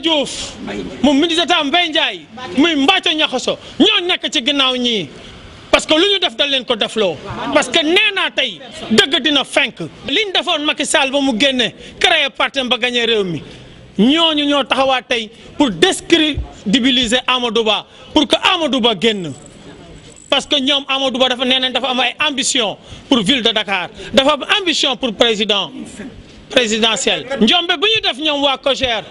Daouda Diouf moom ministre d'État Mbaye Ndiaye muy Mbathio Niakhasso ñoo nekk ci ginnaaw ñii parce que lu ñu def dal leen ko defloo parce que nee naa tey dëgg dina fenk li ñu defoon Macky Sall ba mu génne créé parti ba gagné réew mi ñu ñoo taxawaat tey pour décrédibiliser Amadou Ba pour que Amadou Ba génn parce que ñoom Amadou Ba dafa nee nañ dafa am ay ambition pour ville de Dakar dafa am ambition pour président présidentielle njombe bu ñu def ñoom waa COJER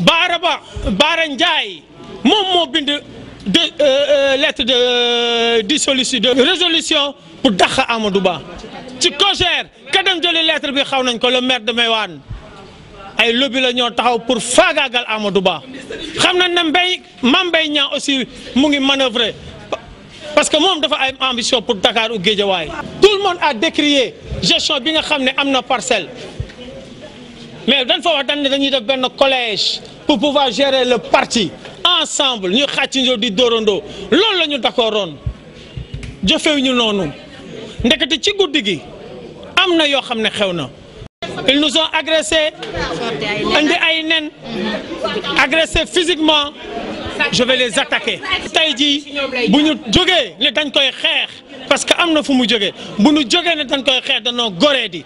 Baara Ba Baara Ndiaye moom moo bind de euh, euh, lettre de euh, dissolution de résolution pour dàq Amadou Ba ci COJER ka dem jëli bi xaw nañ ko le maire de waan ay lobby la ñoo taxaw pour faagaagal Amadou Ba xam nañ ne mbay Mame Mbaye Niang aussi mu ngi manœuvrer parce que moom dafa ay ambition pour Dakar ou Guédiawaye tout le monde a décrié gestion bi nga xam ne am na parcelle mais dan fa wax ne dañuy def benn collège pour pouvoir gérer le parti ensemble ñu xàccindoo di dóorandoo loolu la ñu d'accordoon jëfewuñu noonu ndekete ci guddi gi am na yoo xam ne xew na ils nous ont agressé indi ay nen agressé physiquement je vais les attaquer tey jii bu ñu jógee ne dañ koy xeex parce que am na fu mu jógee bu ñu jógee ne dañ koy xeex danoo goree di